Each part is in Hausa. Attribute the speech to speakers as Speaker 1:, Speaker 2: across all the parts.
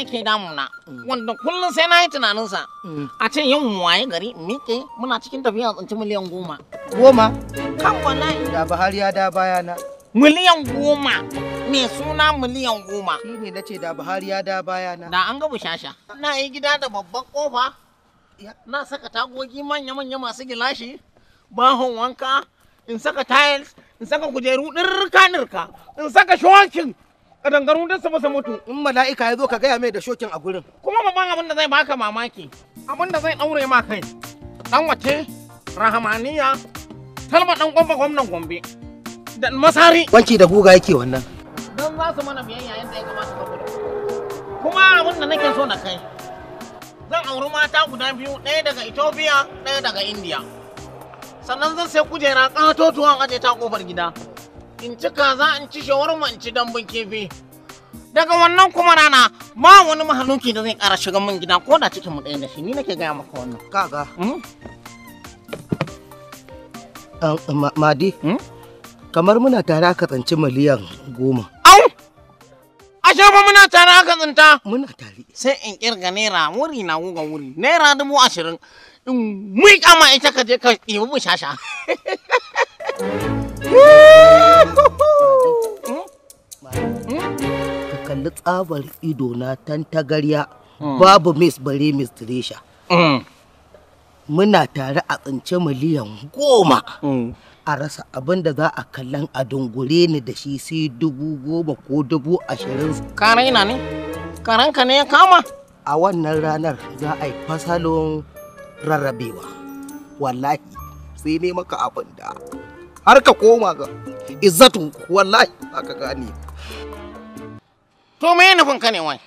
Speaker 1: yake damuna mm. wanda kullum sai na yi tunaninsa mm. a ce yin waye gari mike muna cikin tafiya tsinci miliyan goma goma kan wallahi da bahari ya da bayana miliyan goma mai suna miliyan goma shi ne na ce da har ya da baya na. da an ga bushasha na yi gida da babban kofa na saka tagogi manya-manya masu gilashi bahon wanka in saka tiles in saka kujeru ɗirka-ɗirka in saka shokin kadangaru da sama sama mutu in mala'ika ya zo ka gaya mai da shokin a gurin kuma babban abin da zai baka mamaki abin da zai daure ma kai dan wace rahamaniya talma dan gwamba gwamnan gombe da masari wanki da guga yake wannan dan za su mana biyayya yadda ya kamata kuma abin da nake so na kai zan auri mata guda biyu ɗaya daga Ethiopia ɗaya daga India sannan zan sai kujera ƙatotuwan aje ta kofar gida in ci kaza in ci shawarma in ci dambun kifi daga wannan kuma rana ba wani mahalunki da zai kara shiga min gida ko da cikin mu ɗaya da shi ni nake gaya maka wannan kaga hmm? madi hmm? kamar muna tare aka tsanci miliyan goma au ashe ba muna tare aka tsanta muna tare sai in kirga naira wuri na guga wuri naira dubu ashirin in muika ma ita ka je ka ɗibi bushasha Ka kalli tsabar ido na tantagarya hmm. babu Miss Bare Miss Tresha. Hmm. Muna tare a tsince miliyan goma. Hmm. a rasa abin da za a kallan a dungure ni da shi sai dubu goma ko dubu ashirin. Kana ina ne? Karanka ne ya kama? A wannan ranar za a yi fasalon rarrabewa. Wallahi sai ne maka abin da. har ka koma ga izzatun wallahi za ka gane to me nufin ka ne wai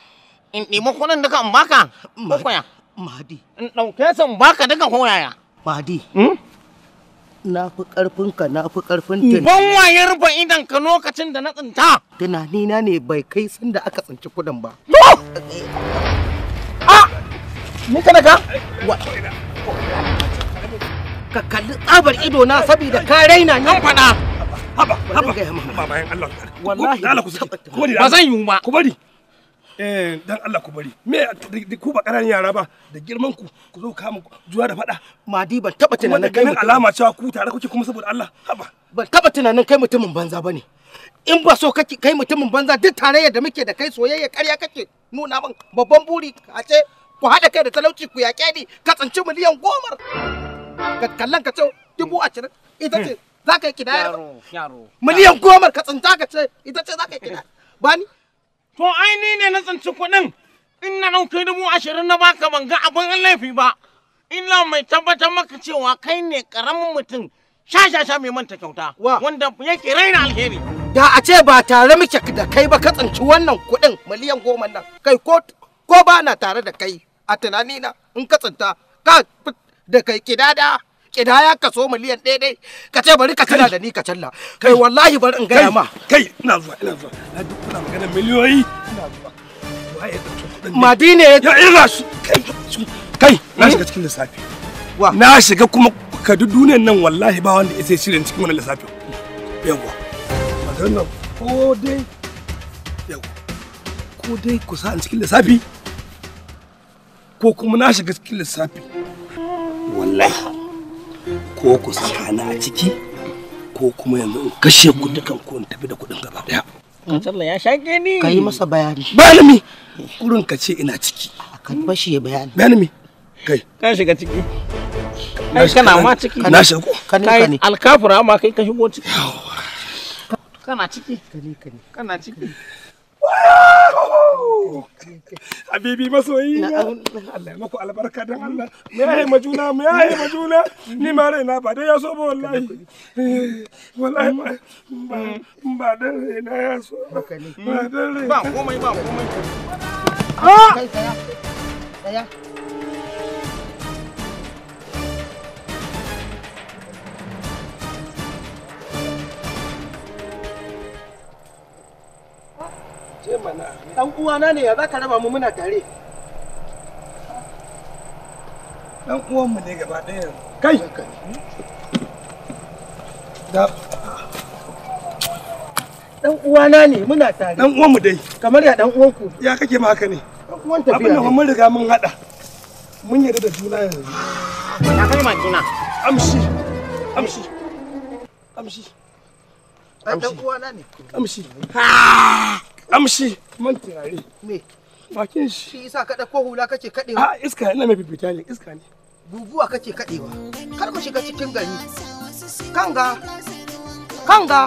Speaker 1: in ɗima kuɗin duka in baka kokoya mahadi in ɗauke su in baka duka koyaya mahadi hmm? na fi ka, na fi ƙarfin tunani. Ban wayar ba idan ka lokacin da na tsinta. Tunani na ne bai kai sanda aka tsinci kudin ba. No! Eh, eh. Ah! Ni ka ka kalli tsabar ido na saboda ka raina ni faɗa haba haba
Speaker 2: ba bayan Allah wallahi Allah ku ku ba zan yi ma ku bari eh dan Allah ku bari me ku ba karan yara ba da girman ku ku zo kama juwa da faɗa di ban
Speaker 1: taba tunanin kai mutum alama cewa ku tare kuke kuma saboda Allah haba ban taba tunanin kai mutumin banza bane in ba so kake kai mutumin banza duk tarayyar da muke da kai soyayya ƙarya kake nuna min babban buri a ce ku haɗa kai da talauci ku yaƙe ni ka tsanci miliyan goma. ga kallon ka ce dubu ashirin ita ce za ka yi kidaya miliyan goma ka tsinta ka ce ita ce za ka yi kidaya ba ni to ai ni ne na tsinci kuɗin in na ɗauki dubu ashirin na baka ban ga abin laifi ba ina mai tabbatar maka cewa kai ne karamin mutum sha-sha-sha mai manta kyauta wanda yake raina alheri da a ce ba tare muke da kai ba ka tsinci wannan kuɗin miliyan goma nan kai ko ba na tare da kai a tunanina in ka tsinta ka da kai kidada kidaya kaso miliyan ɗaya dai ka ce bari ka tana da ni ka challa kai wallahi bari in gaya ma kai ina zuwa ina zuwa na duk kuna magana miliyoyi ina zuwa
Speaker 2: ya ina su kai na hmm? shiga cikin lissafi na shiga kuma ka duk duniyan nan wallahi ba wanda ya sai shirin cikin wannan lissafi yawa maganar ko dai ko dai ku sa cikin lissafi ko kuma na shiga cikin lissafi wallahi ko ku sana a ciki ko kuma yanzu in kashe ku dukan ku in
Speaker 1: tafi da kuɗin gaba daya katsalla ya shage ni ka yi masa bayani bayani kurin ka ce ina ciki ka bashi ya bayani bayani kai ka shiga ciki Kai kana ma ciki na shigo ka ne alkafura ma kai ka shigo ciki kana ciki kana ciki Habibi masoyi
Speaker 2: Allah ya maku albarka dan Allah mu yaye majuna mu yaye majuna ni ma raina ba dai ya so ba wallahi wallahi ba ba dan raina ya so ba ba komai ba komai ah mana
Speaker 1: dan uwana ne ya zaka raba mu muna tare
Speaker 2: dan uwanmu ne gaba ɗaya kai
Speaker 1: da uwana ne muna tare dan uwanmu dai kamar ya dan
Speaker 2: uwanku ya kake ma haka ne abin da mun riga mun haɗa mun yarda da juna yanzu
Speaker 1: na kai ma juna amshi amshi amshi uwana
Speaker 2: ne amshi ha amshi man turare me bakin shi
Speaker 1: shi yasa ka dauko hula kake kadewa a ah,
Speaker 2: iska ina mai ne iska ne
Speaker 1: guguwa kake kadewa kar mu shiga cikin gari kanga kanga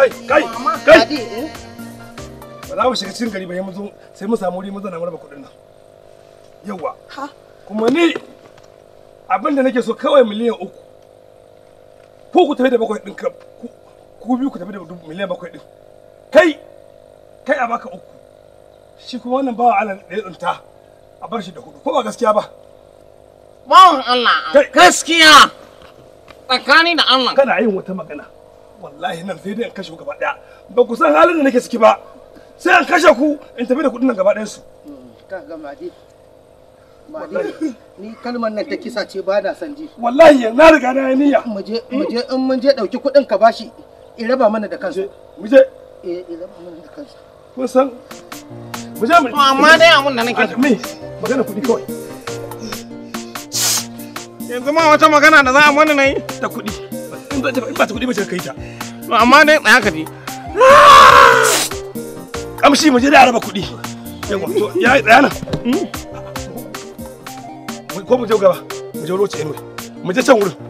Speaker 2: kai kai kai kai kai kai kai kai gari ba kai sai mu samu kai kai kai kai kai kai kai kuma ni kai kai nake so kawai miliyan uku ko ku kai da bakwai kai kai kai ku kai da miliyan bakwai ɗin kai kai a kai uku shi kuma kai bawa kai kai kai kai a bar shi da ko ba gaskiya yin wata magana wallahi nan sai dai in kashe ku gaba daya ba ku san halin da nake ciki ba sai an kashe ku in tafi da kudin nan gaba su
Speaker 1: ka ga madi madi ni kalmar nan ta kisa ce ba na san ji wallahi yanzu na riga na niyya mu je mu je in mun je dauki kudin ka bashi in raba mana da kansu mu je eh in raba mana da kansu ko san mu je mu amma dai amun da nake
Speaker 2: magana kudi kawai yanzu ma wata magana da za a mana nayi ta kudi in ba ta in ba ta kuɗi kai ta amma dai ɗaya ka ji kamshi mu je da araba kuɗi yawa to ya yi hmm. ko mu je gaba mu je roce inuwa mu je can wurin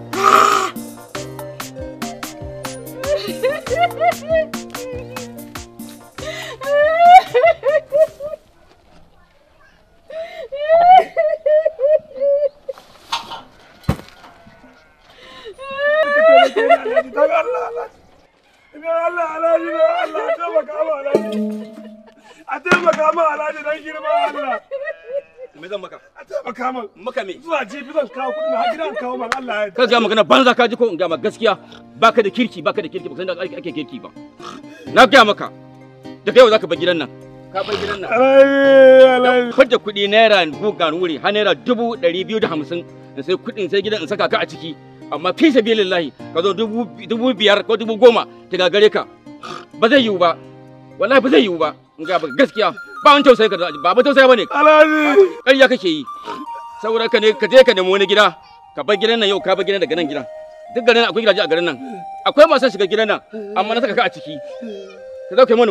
Speaker 2: a taimaka ma alhaji dan girma Allah me zan maka a taimaka min maka me zuwa jibi zan kawo kuɗin har gidan kawo man
Speaker 1: Allah ya ka ga magana banza ka ji ko in ga maka gaskiya baka da kirki baka da kirki baka san da ake kirki ba na ga maka da kai zaka bar gidan nan
Speaker 2: ka bar gidan nan alhaji
Speaker 1: alhaji kuɗi naira gugan wuri har naira dubu ɗari biyu da hamsin in sai kuɗin sai gidan in saka ka a ciki amma fi sabilillahi ka zo dubu biyar ko dubu goma ta gagare ka ba zai yiwu ba wallahi ba zai yiwu ba in ga baka gaskiya ba an tausayi ka da ba ba tausayi bane alhaji ƙarya kake yi saboda ka ne ka je ka nemi wani gida ka bar gidan nan yau ka bar gidan daga nan gidan duk garin akwai gidaje a garin nan akwai masu shiga gidan nan amma na saka ka a ciki
Speaker 2: ka zo kai mana